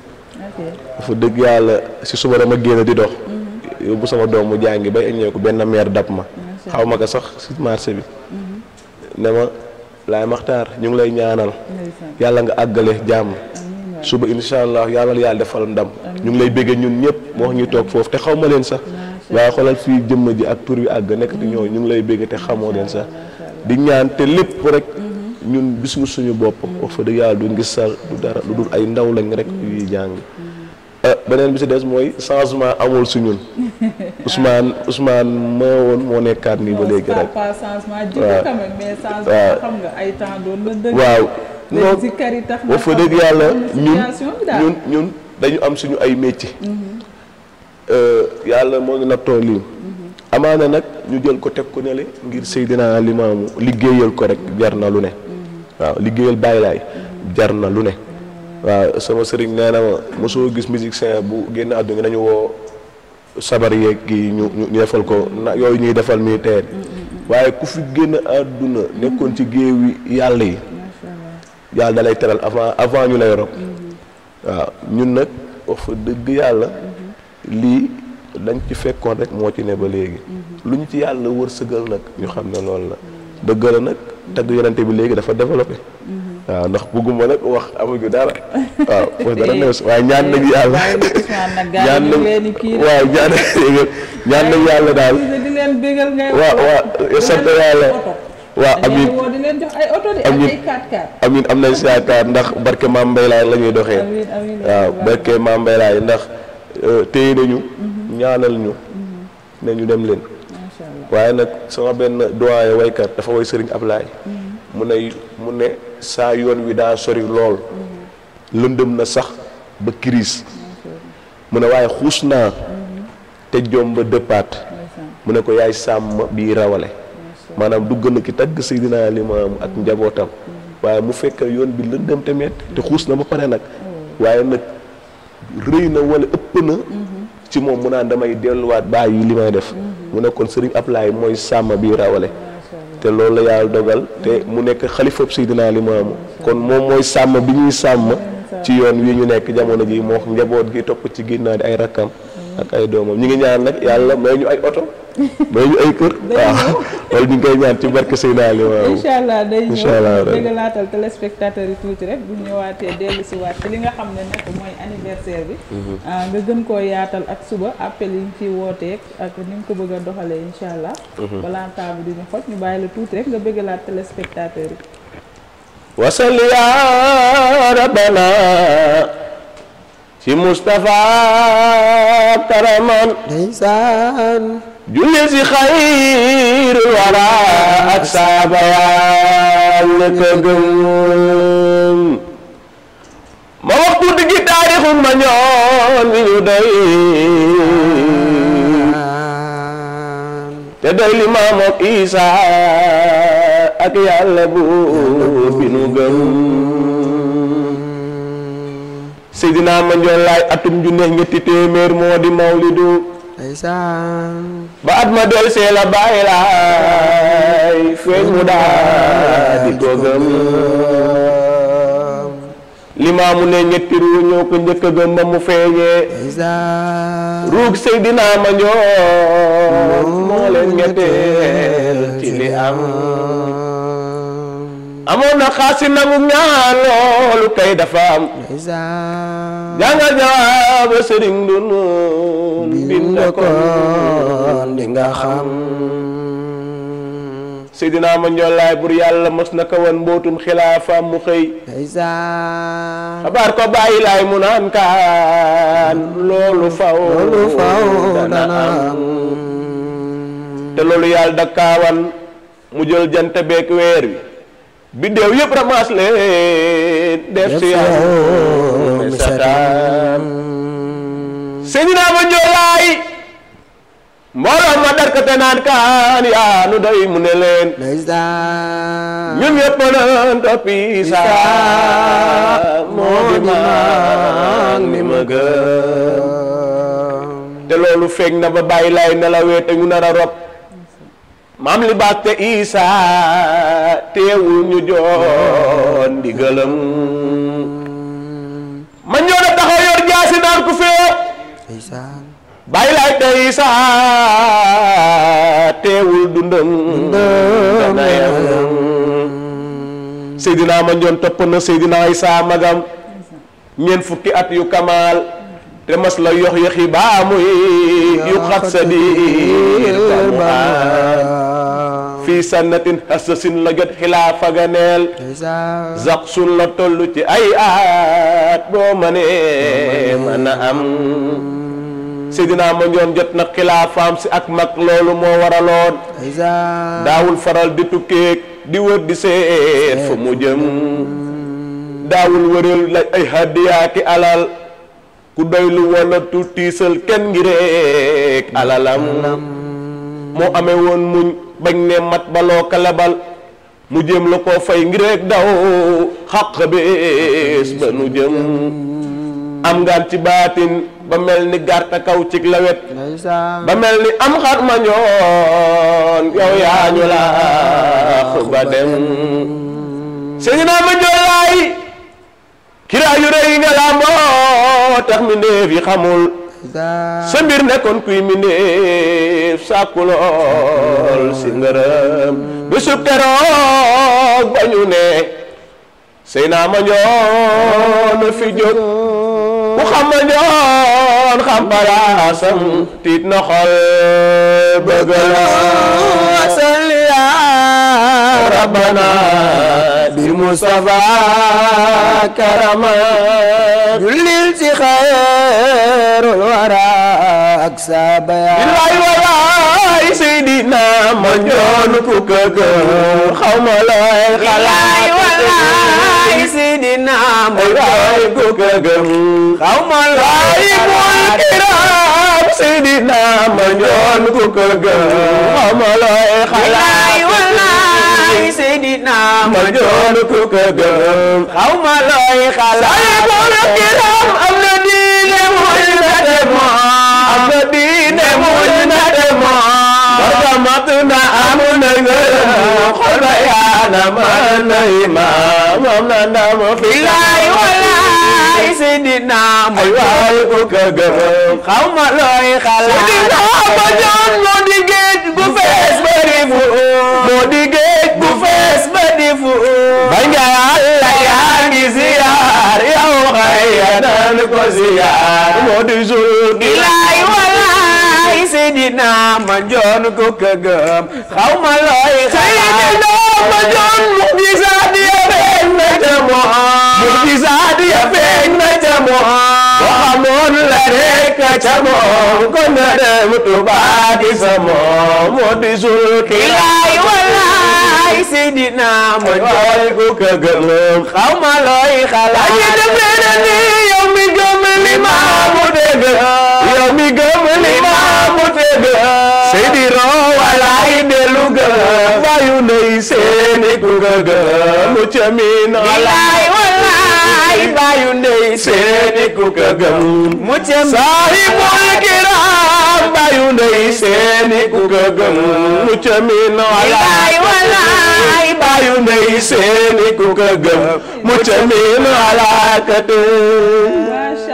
dafa dëgg yàlla si suba dama génn di dox mhm. yóbbu sama doom mu jàngi bay aññee ko benn meer dab ma xaw ma ko sax si marché bi mhm. ne ma laay maxtar ñu ngi lay ñaanal yàlla nga àggale jàmm suba incha allah yàlla yàlla defal ndam ñu ngi lay béggee ñun ñëpp moo wax ñu toog foofu te xaw ma leen sax waa xoolal fii jëmm ji ak tur bi àgg nekkati ñoo ñu ngi lay bégg te xamoo leen sax di ñaan te lépp rek mhm. ñun bismu suñu bopp mhm. wax fa dëgg yàlla duñ gis sal du dara ay ndaw lañ rek yuy mhm. jàng ah, beneen bi si des mooy changement amul si ñun Ousmane Ousmane moo moo nekkaat nii ba léegi rek yàlla ñun ñun dañu am suñu ay métier Euh, yàlla moo ngi nattoo lii mhm. amaana nag ñu jël ko teg ko nele ngir Seydina Limaamu liggéeyal ko rek jar na lu ne mhm. waaw liggéeyal Baay mhm. jar na lu ne waaw sama sëriñ nee na mosoo gis musicien bu génn àdduna nañu woo sabar yeeg yi ko na yooyu ñuy defal militaire waaye ku fi génn àdduna nekkoon ci yàlla yi yàlla dalay teral avant avant ñu lay rob waaw ñun nag wax fa dëgg yàlla lii dañ ci fekkoon rek moo ci ne ba léegi mhm. lu ñu ci yàlla sëgal nag ñu xam ne loolu la dëgg la nag tagg yonente bi léegi dafa développé mhm. waaw ndax bëgguma nag wax amuñu dara waaw wax dara ne waaye yàlla waaw daal waaw waaw yàlla waaw amin amin am na si yaakaar ndax barke maam mbay laay la ñuy doxee waaw barke maam mbay ndax Euh, téye nañu. Mhm. ñaanal ñu. Mhm. ne ñu dem leen. waaye nag sama benn doyen waykat dafa woy Serigne Ablaye. Mhm. mu ne mu ne saa yoon wi daa sori lool. lëndëm na sax ba kiriis mu ne waaye xuus naa. te jom ba dëppaat. mu ne ko yaay sàmm bii rawale. maanaam du gën ki tagg Seydina Limaamu ak njabootam. waaye mu fekk yoon bi lëndëm tamit te xuus na ba pare nag oh. waaye nag. rëy na wala ëpp na mhm. ci moom mu naan damay delluwaat yi li may def mhm. mu nekkoon sëriñ Ablaay mooy sàmm bi rawale te loolu la yàlla dogal te mhm. mu nekk si xalifab Seydina Limaamu kon moom mooy sàmm bi ñuy sàmm ci yoon wii ñu nekk jamono ji moo njaboot gi topp ci ginnaaw di ay rakkam ak ay doomam ñu ngi ñaan nag yàlla may ñu ay oto may ñu ay kër waaw loolu ñu ngi koy ñaan ci barke Seydina Aliou waaw incha allah day ñëw dégg laatal téléspectateurs yi tuuti rek bu ñëwaatee dellu si waat ci li nga xam ne nag mooy anniversaire bi mhm. ah, nga gën koo yaatal ak suba appel yi ñu ciy wooteeg ak ni nga ko bëgg a doxalee incha allah mhm. balantaa bu diñu xoj ñu bàyyi la tuuti rek nga bëgg laat téléspectateurs yi wasal yaa rabbana ci Mustafa karaman ndeysaan julli si xayrul ak saaba yaa ñëkk ma wax tuuti gi taarixu ma ñoon ñu doy te doy li maam ak Isa ak yàlla bu bi nu gëm Seydina Mandione Laay atum ju neex ñetti téeméer moo di mawlidu ndeysaan ba at ma del la bàyyi laay feeñ mu daa di ko gëm limaamu ne ñetti ruu ñoo ko njëkk a gëm ba mu feeñee ruug Seydina Mandione moo leen ñetteel ci li am amoon na xaasi nangu ñaan loolu kay dafa am jàngal jawaaba sëriñ du nun bind ko di nga xam Seydina ma ndolay bur yalla mos na ko woon mbootum xilaafaam mu xëy xabaar ko bàyyi laay mu lolu kaan lolu faw dana am te lolu yalla dakawan mu jël jant beek weer wi biddeew yëpp ramas leen def si yow mi sataan Seydina ma njoolaay ma darkate naan kaan yaa nu doy mu ne leen ñun yëpp naan toppi sa moo di maag ni ma gëm te loolu feeg na ba bàyyi lay nelawee te ñu nar a rob maam li bàkk isa teewul ñu joon ndigalam ma ñëw na taxaw yor jaasi ku fee bàyyi laay te isa teewul dundam dana seydinaa ma topp na seydinaa isa magam ñeent fukki at yu kamaal te mas la yox yoxi baa muy yu xat sa diir fii sannatin hasasin la jot xilaafa ga neel la toll ci ay aat boo mënee mën a am Seydina ma njoon jot na xilaafaam si ak mag loolu moo waraloon daawul faral di tukkeek di wër di seet fu mu jëm daawul wëreel la ay hadiyaaki alal ku doylu wala tu tiisal kenn ngi rek alalam moo amee woon muñ bañ ne mat baloo kalabal mu jëm la ko fay ngi rek daw xaq bés ba nu jëm am ngaan ci baatin ba mel ni garta kaw ci lawet ba mel ni am xar ma ñoon yaa ñu laax ba dem sëñ naa ma joolaay kiraaju rëy nga làmboo tax mbindéef yi xamul sa mbir nekkoon kuy mbindéef sàkku si ngërëm bésub keroog ba ne sëy naa ma njoon fi jóg ku xam ma njoon xam palaasam tiit na xol bëgg la salli ya rabbana Mustafa karama jullil ci xayrul wara ak sabaya bilaay walaay Seydina ma ñoonu ku këgë xaw ma looy xalaat walaay Seydina ma ñoonu ku këgë xaw ma looy kiram Seydina ma ñoonu ku këgë xaw ma looy xalaat looy Seydina ma doon ku ko gëm xaw ma looy xalaat kiram am na diine mooy na demoo am na diine mooy na demoo barka am na ngërëm xol ba yaa na man na am na ndam fi ku fees bëri fu ba njaay alla yaa ziyaar yow xay nan ko ziyaar moo di suur gi laay walaay sidina ma njoon ko këgëm xaw ma looy sidina ma njoon mu ya feeñ na jamoo mu ya feeñ na jamoo xamoon la rek na dem Tuubaa di sa moom moo yaay Seydina ma jooy ku ko gëlëm xaw ma looy xalaat ak def leen ni yow mi gëm li ma mu dégg yow li ma mu dégg Seydi Roh walaay dellu gëm waayu nay seeni ku ko gëm ca min walaay walaay waayu nay seeni ku ko gëm mu ca min bayu ndey seeni ku ko gëm mucc min walaay walaay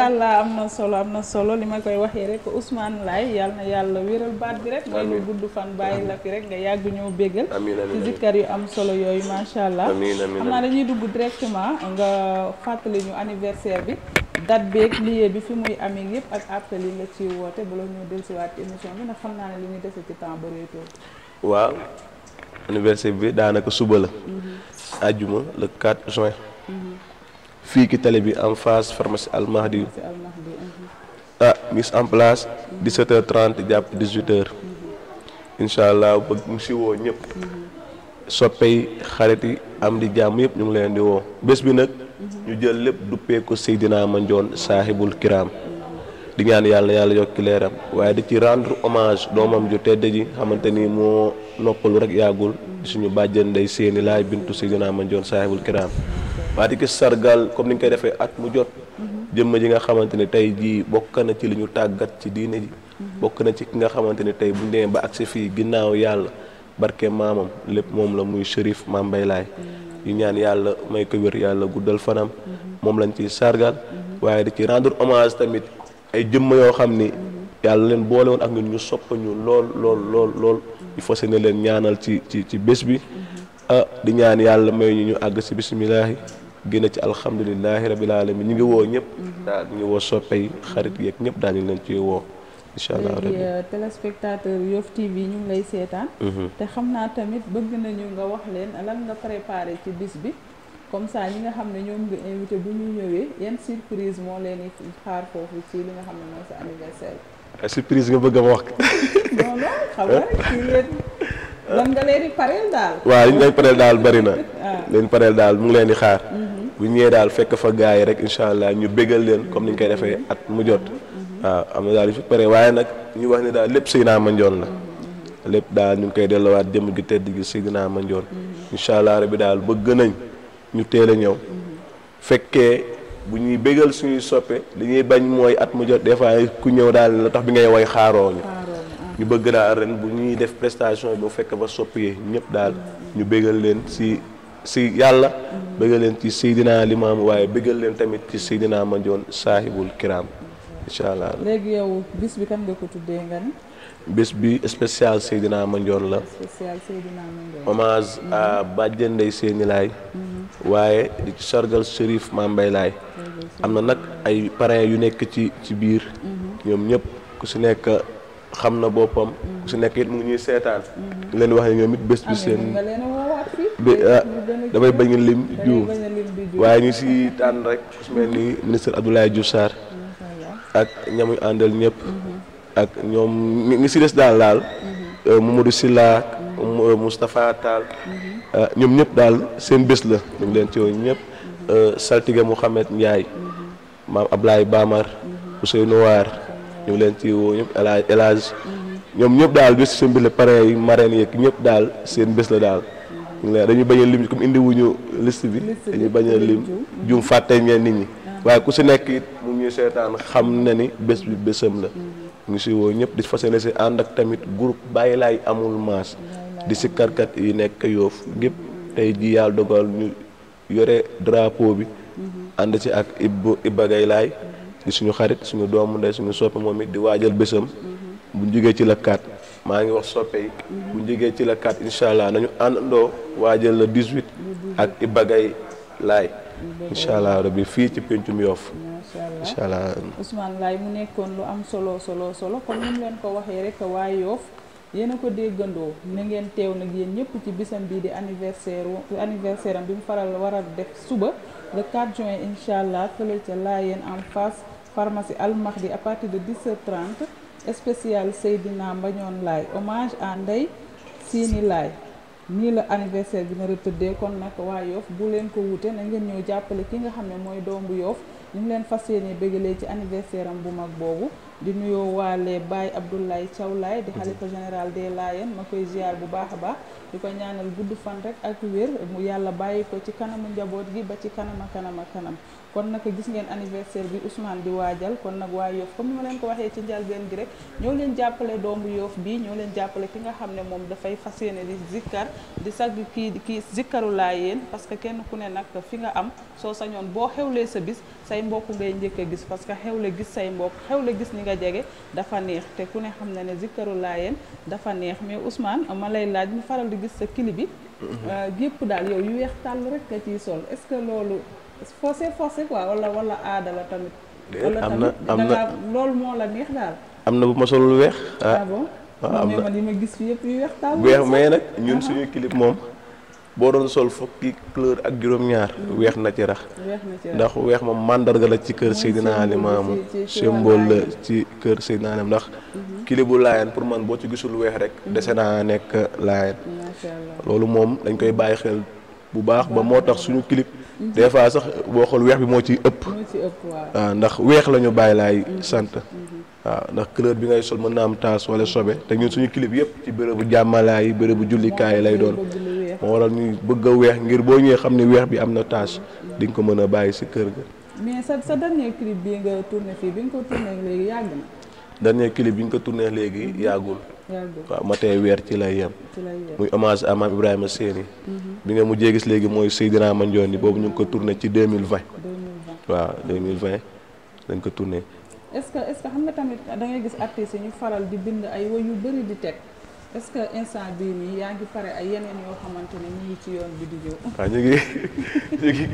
allah am na solo am na solo li ma koy waxee rek Ousmane laay yal yàlla wéral baat bi rek may lu gudd nga yàgg ñoo béggal ci zikkar yu am solo yooyu macha allah xam naa dañuy dugg directement nga fàttali ñu anniversaire bi date beeg lieu bi fi muy amee yëpp ak appel yi nga ci woote bala ñoo del si waat bi waaw anniversaire bi daanaka suba la. ajjuma mm-hmm. le 4 juin. Mm-hmm. fii ki télé bi en face pharmacie Al Mahdi. Mm-hmm. ah mise en place 17h30 jàpp 18h. incha allah bëgg mu si woo ñëpp. soppey xarit yi am di jàmm yëpp ñu ngi leen di woo bés bi nag. ñu jël lépp duppeeku duppee ko Seydina Mandione saahibul kiram di ñaan yàlla yàlla yokki leeram waaye di ci rendre hommage doomam ju tedd ji xamante ni moo noppalu rek yàggul suñu bàjjen day seeni laay bintu Seydina Mandione saahibul kiram waa di ko sargal comme ni ñu koy defee at mu jot jëmm ji nga xamante ne tey jii bokk na ci li ñu tàggat ci diine ji bokk na ci ki nga xamante ne tey bu ñu ba agsi fii ginnaaw yàlla barke maamam lépp moom la muy Chérif Mame Mbaye Laye yu yàlla may ko wér yàlla guddal fanam moom lañ ciy sargal waaye di ci rendre hommage tamit ay jëmm yoo xam ni yàlla leen boole woon ak ñun ñu sopp ñu lool lool lool lool ñu fa yéene leen ñaanal ci ci ci bés bi ah di ñaan yàlla may ñu ñu àgg si bisimilahi génn ci alhamdulilahi rabil alamin ñu ngi woo ñëpp daal ñu ngi woo soppe xarit yeeg ñëpp daal ñu ngi leen ciy woo incha allah léegi euh, téléspectateur Yoff TV ñu ngi lay seetaan mhm. te xam naa tamit bëgg nañu nga wax leen lan nga préparé ci bis bi comme ça ñi nga xam ne ñoom nga invité bu ñu ñëwee yan surprise moo leen di xaar foofu ci li nga xam ne mooy sa anniversaire. Ah, surprise nga bëgg a wax. non non xam nga eh? daal. bari na. leen ah. pareel daal mu leen di xaar. Mhm. bu ñëwee daal fekk fa gars yi rek incha allah ñu bégal leen ni ñu koy defee mhm. at mu jot. Mhm. am na daal fi pare waaye nag ñu wax ne daal lépp si Seydina Mandione la. lépp daal ñu ngi koy delluwaat jëmm gi tedd gi naa Mandione. incha allah rabi daal bëgg nañ. ñu teel a ñëw fekkee bu ñuy bégal suñuy soppe li ñuy bañ mooy at mu jot des fois ku ñëw daal la tax bi ngay woy xaaroo ñu ñu bëgg daal ren bu ñuy def prestation bu fekk ba soppiyee ñëpp daal ñu bégal leen si si yàlla bégal leen ci Seydina Limaamu waaye bégal leen tamit ci Seydina Mandione saahibul kiram incha allah léegi yow bi kan nga ko tuddee nga Seeni Laay waaye di ci sargal Serif Mame Mbaye am na nag ay parrain yu nekk ci ci biir ñoom ñëpp ku si nekk xam na boppam ku si nekk it mu ngi ñuy seetaan leen wax ne ñoom it bés bi seen bé ah, damay bañ a lim juum waaye ñu si tànn rek ku si mel ni ministre Abdoulaye Diouf Sarr ak ñamuy àndal ñëpp mm-hmm. ak ñoom ñu ngi si des daal daal mm-hmm. euh, Mamadou Sylla Euh, Moustapha Tall euh, ñoom ñëpp daal seen bés la ñu leen ci woo ñëpp euh, saltige Mouhamed Ndiaye maam Ablaye Bamar Ousseynou Waar leen ci woo ñëpp ñoom ñëpp daal bés seen bés la parrain yi marraine yeeg ñëpp daal seen bés la daal ñu ngi leen dañuy bañ a lim comme indi wuñu bi dañuy bañ a lim juum fàtte ñeen nit ñi ah. waaye ku si nekk it mu ñuy seetaan xam na ni bés bi bésam la mm. ñu si woo ñëpp di fas yéene si ànd ak tamit group bàyyi laay amul maas mm. di sikkarkat yi nekk yoof gépp tey ji yàlla dogal ñu yore drapeau bi ànd si ak Ibou Iba Laay di suñu xarit suñu doomu ndey suñu soppe moom it di waajal bésam bu ñu ci la kat maa ngi wax soppe yi bu ñu jógee ci la kat incha allah nañu àndandoo waajal la 18 ak Iba Gaye Laay incha allah rabbi fii ci péncum Yoff incha allah Ousmane Laay mu nekkoon lu am solo solo solo comme ni leen ko waxee rek waa Yoff yéen a ko déggandoo na ngeen teew nag yéen ñëpp ci bisam bii di anniversaire anniversaire am bi mu faral war a def suba le 4 juin incha allah fële ca Layeen en face pharmacie Al Mahdi à partir de 17h30 spécial Seydina Mbañoon Laay hommage à Ndeye Sini Laay nii la anniversaire bi na rëtëddee kon nag waaye Yoff bu leen ko wute na ngeen ñëw jàppale ki nga xam ne mooy doom bu Yoff leen fas yéene bégalee ci anniversaire am bu mag boobu di nuyo waale Baye Abdoulaye Thiaw di khalifa général des layen ma koy ziar bu baax ba baax di ko ñaanal gudd fan rek ak wér mu yàlla bàyyi ko ci kanamu njaboot gi ba ci kanama kanama kanam kon nak gis ngeen anniversaire bi Ousmane di waajal kon nag waa yof comme ma leen ko waxé ci ben gi rek ñoo leen jàppale doomu yof bi ñoo leen jàppale ki nga xam ne moom dafay fas di zikkar di sag ki ki zikkaru Laayeen parce que kenn ku ne nag fi nga am soo sañon boo xewlé sa bis say mbokk ngay njëkk a gis parce que xewle gis say mbokk xewlé gis nga jege dafa neex te ku ne xam na ne zikkaru laayeen dafa neex mais Ousmane ma lay laaj mu faral di gis sa kili bi yëpp daal yow yu weex tàll rek nga ciy sol est-ce que loolu forcé forcé quoi wala wala aada la tamit wala tamit am na loolu moo la neex daal am na bu ma solul weex ah bon waaw am na man yi ma gis fi yëpp yu weex tàll weex mais nag ñun suñu clip moom boron doon sol fukki couleur ak juroom ñaar weex na ci rax ndax weex mom mandarga la ci kër sayyidina Ali maamu symbole la ci kër sayyidina Ali ndax mhm. kilibu layen pour man bo ci gisul weex rek mhm. dese naa nekk laayeen loolu moom dañ koy baye xel bu baax ba moo tax suñu clip mhm. des fois sax bo xol weex bi mo ci ëpp ah, ndax weex lañu baye lay sante ah, ndax couleur bi ngay sol mën na am tas wala sobe te ñun suñu clip yépp ci bérébu jàmmalaay yi julli kay lay doon moo waral ñuy bëgg a weex ngir boo ñëwee xam ni weex bi am na tache di nga ko mën a bàyyi si kër ga. mais sa sa dernier bi nga tourné fii bi nga ko tourné léegi mhm. yàggul. yàggul waaw matee weer ci lay yem. muy hommage à Mame Ibrahima Séni. Mhm. bi nga mujjee gis léegi mooy Seydina Mandione boobu ñu ngi ko tourné ci deux mille vingt. waaw deux mille vingt dañ ko tourné. est-ce xam nga tamit da gis artistes yi ñu faral di bind ay woy yu bëri di teg. est-ce que instant bii nii ñu ngi ci bi di ñu ngi ñu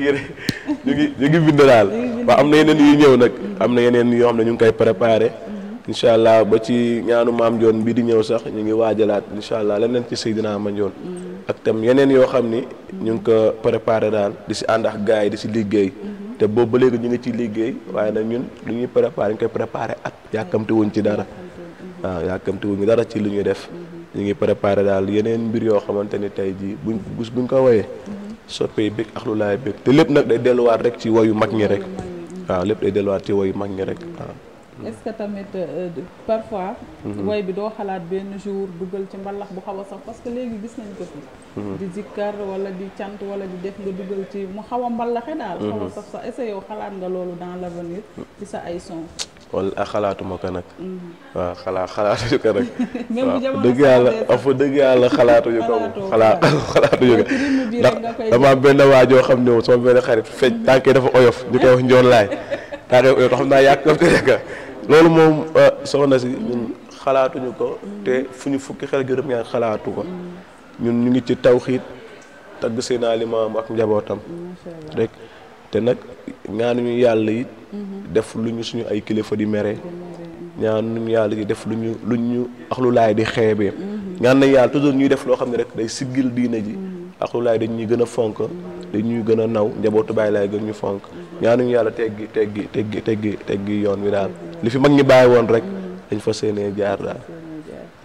ñu ngi ñu ngi bind daal. waaw am na yeneen yu ñëw nag. Mm-hmm. am na yeneen yoo xam ne ñu ngi koy préparé. Mm-hmm. incha allah ba ci ñaanu maam Joon bi di ñëw sax ñu ngi waajalaat incha allah leneen ci Seydina Ma Joon mm-hmm. ak tam yeneen yoo xam ni. ñu ngi ko préparé daal di si ànd ak gars yi di si liggéey. te boo ba léegi ñu ngi ci liggéey waaye nag ñun lu ñuy préparé ñu koy préparé at yàkkamte wuñ ci dara. waaw yàkkamte wuñ dara ci lu ñuy def. ñu ngi préparé daal yeneen mbir yoo xamante ni tey jii buñ bés buñ ko woyee soppe yi bëgg axlu laay bëgg te lépp nag day delluwaat rek ci woyu mag ñi rek waaw lépp day delluwaat ci woyu mag ñi rek waaw est-ce que tamit euh, parfois mhm. woy bi doo xalaat benn jour dugal ci mbalax bu xaw a sax parce que léegi gis nañ ko fi mhm. di zikkar wala di cant wala di def nga dugal ci mu xaw a mbalaxe daal mhm. xaw a sax sax est yow xalaat nga loolu dans l'avenir ci sa ay son wala xalaatuma ko nag. Mm-hmm. waaw xalaat xalaatuñu ko nag. waaw dëgg yàlla dëgg yàlla xalaatuñu ko moom. ndax dama benn waa joo xam ne sama benn xarit fecc mm-hmm. tànkee dafa oyof ñu koy wax njoon laay tànkee oyof xam loolu moom euh, soxna si ñun mm-hmm. xalaatuñu ko te fu ñu fukki xel juróom-ñaar xalaatu ko ñun ñu ngi ci tawxiit tagg seen alimaam ak njabootam rek. te nag ñaanuñu yàlla it mhm. def lu ñu suñu ay kilifa di mere ñaanuñu yàlla yi def lu ñu lu ñu ak di xeebee mhm. ñaan nañ yàlla toujours ñuy def loo xam ne rek day siggil diina ji mhm. ak lu laay dañuy gën a fonk dañuy gën a naw njabootu bàyyi laay gën ñu fonk ñaanuñu yàlla teggi teggi teggi teggi teggi yoon wi daal li fi mag ñi bàyyi woon rek dañ fa seenee jaar daal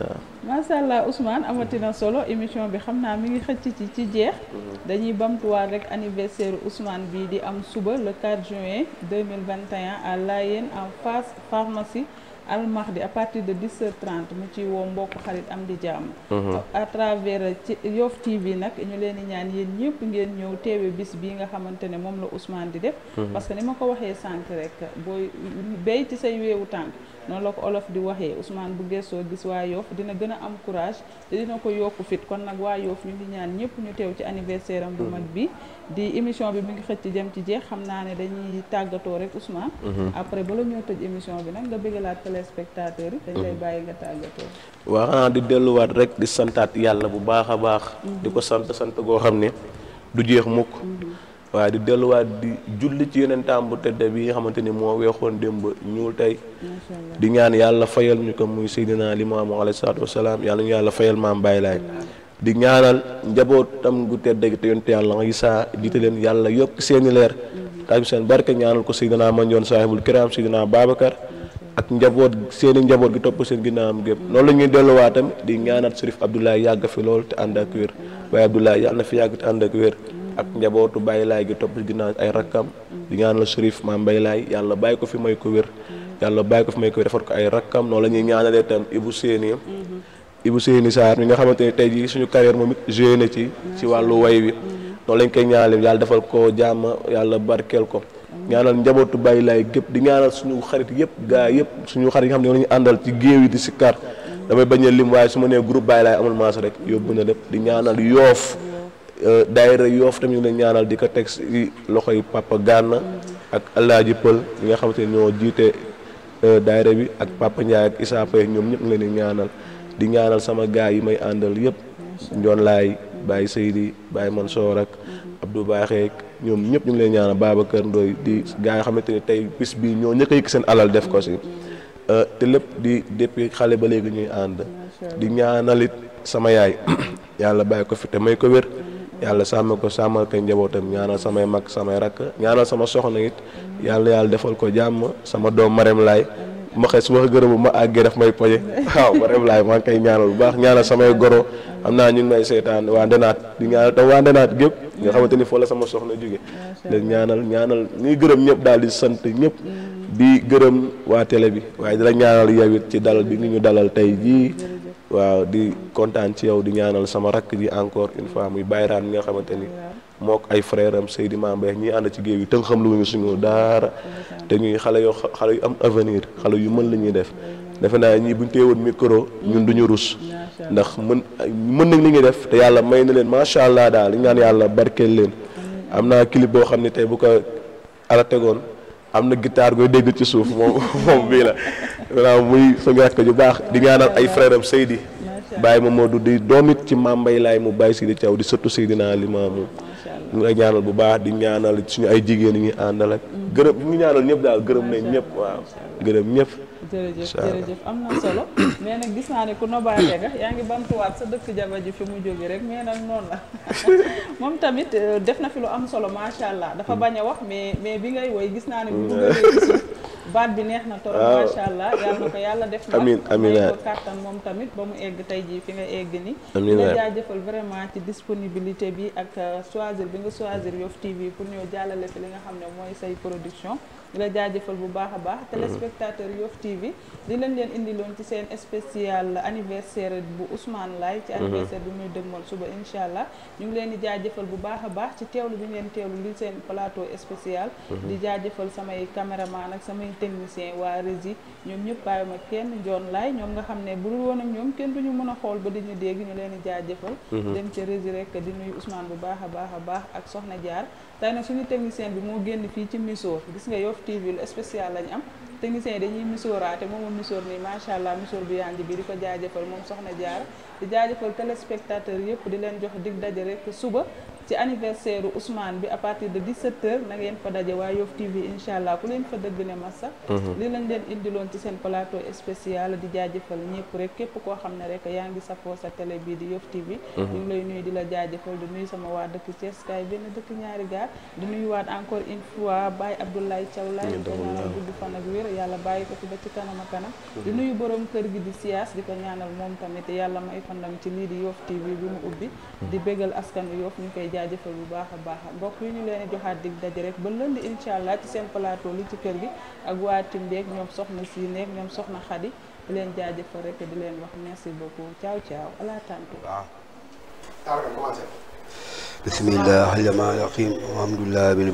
waaw macha allah Ousmane amatina solo émission bi xam naa mu ngi xëcc ci ci jeex. Mhm. dañuy bamtuwaat rek anniversaire Ousmane bi di am suba le 4 juin 2021 à Layène en face pharmacie. almahdi di partir de 10h30 mu ci woo mbokk xarit am di jàmm mhm. à travers ci Yoff TV nag ñu leen di ñaan yéen ñëpp ngeen ñëw teewe bis bii nga xamante ne moom la Ousmane di def mhm. parce que ni ma ko waxee sànq rek booy béy ci say weewu tànk noonu la ko olof di waxee Ousmane bu gëstoo gis waa Yoff dina gën a am courage te dina ko yokk fit kon nag waa Yoff ñu ngi ñaan ñëpp ñu teew ci anniversaire bu mag bi di émission bi mi ngi xëcc jëm ci jeex xam naa ne dañuy tàggatoo rek Ousmane mhm. après bala ñoo tëj émission bi nag nga bëggalaat téléspectateurs yi dañ lay mhm. bàyyi nga tàggatoo waaw xanaa di delluwaat rek di santaat yàlla bu baax a baax mhm. di ko sant sant goo xam ne du jeex mukk waaye di delluwaat di julli ci yonentaam bu tëdd bi nga xamante ni moo weexoon démb ñuul tey di ñaan yàlla fayal ñu ko muy seydina limaamu alayhi salatu wasalaam yàlla ñu yàlla fayal maam bàyyi laay di ñaanal tam gu tedd gi te yonte yàlla nga gisaa jiite leen yàlla yokk seeni leer taaj seen barke ñaanal ko seydina manjoon saahibul kiram seydina babacar ak njaboot seen i njaboot gi topp seen ginnaawam gépp noonu la ñuy delluwaat di ñaanal sërif abdoulaye yàgg fi lool te ànd ak wér waaye abdoulaye yàlla na fi yàgg te ànd ak wér ak njabootu Baye Laay gi topp ginnaaw ay rakkam di ñaanal Chérif maam Baye Laay yàlla bàyyi ko fi may ko wér yàlla bàyyi ko fi may ko wér defar ko ay rakkam la ñuy ñaanalee tam Ibou Séni Ibou Séni Sarr mi nga xamante ne tey jii suñu carrière moom it na ci ci wàllu way wi noonu lañ koy ñaanale yàlla defal ko jàmm yàlla barkeel ko ñaanal njabootu Baye Laay gépp di ñaanal suñu xarit yëpp gaa yëpp suñu xarit yi nga xam ne ñu àndal ci géew yi di si kar damay bañ a lim waaye su ma nee groupe Baye Laay amul maas rek yóbbu na lépp di ñaanal yoof Eh, daayira yoof tam ñu leen ñaanal di ko teg si loxo papa Gana ak alaaji peul ñi nga xamanteni ne ñoo jiite eh, daayira bi ak papa Ndiaye ak isa Faye ñom ñëpp leen ñaanal di ñaanal sama gaay yi may andal yëpp njoon lay Baye Seydi Baye mansour ak Abdou baxé ñom ñëpp ñu leen ñaanal Babacar Ndoy di gaay yi xamante ne bis bi ñoo ñëkk a alal def ko euh te lepp di depuis xalé ba légui ñuy and di ñaanalit sama yaay yalla bàyyi ko fi te may ko wër yàlla sàmm ko sàmmal ko njabootam ñaanal samay mag samay rakk ñaanal sama soxna it yàlla yàlla defal ko jàmm sama doom Marème ma xëy su ma gërëmu ma àggee daf may poñe waaw Marème Laye maa ngi koy ñaanal bu baax ñaanal samay goro am naa ñu ngi may seetaan waa ndenaat di ñaanal tam waa ndenaat gépp nga xamante ni foo la sama soxna jóge leen ñaanal ñaanal ñuy gërëm ñëpp daal di sant ñëpp mm. di gërëm waa télé bi waaye dala ñaanal yow ci dalal bi ngi ñu dalal tey jii waaw di kontaan ci yow di ñaanal sama rakk ji encore une fois muy bayraan mi nga xamante ni mook ay frère am Seydi Mambay ñi ànd ci géew yi tënk xam lu ñu suñu daara te ñuy xale yoo xale yu am avenir xale yu mën la ñuy def defe naa ñii buñ téewoon micro ñun duñu rus ndax mën mën nañ li ñuy def te yàlla may na leen macha allah daal li naan yàlla barkeel leen am naa clip boo xam ne tey bu ko ala tegoon am na gitaar koy dégg ci suuf moom moom bii la waaw muy suñu rakk ju baax di ñaanal ay frère am Seydi bàyyi moo du di doom ci mambay laay mu bàyyi Seydi Thiaw di sëttu Seydina Limaamu ñu ngi lay ñaanal bu baax di ñaanal suñu ay jigéen ñi àndal ak mm. gërëm ñu ñaanal ñëpp daal gërëm nañ ñëpp waaw gërëm ñëpp jërëjëf jërëjëf am na solo mais nag gis naa ne ku nobaate nga yaa ngi bamtuwaat sa dëkk jaba ji fi mu jóge rek mais nag noonu la moom tamit euh, def na fi lu am solo macha allah dafa mm. bañ a wax mais mais bi ngay woy gis naa ne bu dugalee baat bi neex na trop macha allah yal ko yàlla def na amiin moom tamit ba mu egg tey jii fi nga egg ni amiin nga jaajëfal vraiment ci disponibilité bi ak euh, choisir bi nga choisir Yoff TV pour ñoo jàllale fi li nga xam ne mooy say production di la jaajëfal bu baax a baax mhm. téléspectateur Yoff TV di leen leen indiloon ci seen spécial anniversaire bu Ousmane Laye ci mhm. anniversaire bi muy dëgmal suba incha allah ñu ngi leen di jaajëfal bu baax a baax ci teewlu bi ñu leen teewlu li seen plateau spécial mhm. technicien waa régie ñoom ñëpp bàyyi ma kenn joon laay ñoom nga xam ne bu dul woon ak ñoom kenn duñu mën a xool ba diñu dégg ñu leen di jaajëfal mhm. dem ca régie rek di nuyu Ousmane bu baax a baax a baax ak Soxna Jaar tey nag suñu technicien bi moo génn fii ci Missóor gis nga Yoff TV lu spécial lañ am technicien yi dañuy misóoraate moom a misóor nii macha allah misóor bu yanj bi di ko jaajëfal moom Soxna Jaar di jaajëfal téléspectateur yëpp di leen jox dig daje rek suba ci anniversaire Ousmane bi à partir de 17h na ngeen fa daje waa Yoff TV incha allah ku leen fa dëgg ne massa mhm. li lañ leen indiloon ci seen plateau spécial di jaajëfal ñëpp rek képp koo xam ne rek yaa ngi safoo sa tele bii di Yoff TV mhm. ñu ngi lay nuy di la jaajëfal di nuyu sama waa dëkk Thiès kaay benn dëkk ñaari gaar di nuyuwaat encore une fois Baye Abdoulaye Thiaw Laye di ko ñaanal gudd fan yàlla bàyyi ko fi ba ci kanam a kanam mhm. di nuyu borom kër gi di siyaas di ko ñaanal moom tamit yàlla may fandam ci lii di Yoff TV bi mu ubbi di bégal askan Yoff ñu koy jaajëfal bu baax a baax mbokk yi ñu leen di joxaat digg daje rek ba lënd incha allah ci seen plateau li ci kër gi ak waa mbeek ñoom soxna si nekk ñoom soxna Xadi di leen jaajëfal rek di leen wax merci beaucoup ciao ciao à la tantôt. waaw. Ah. bismillah rahmaani rahim alhamdulilah bil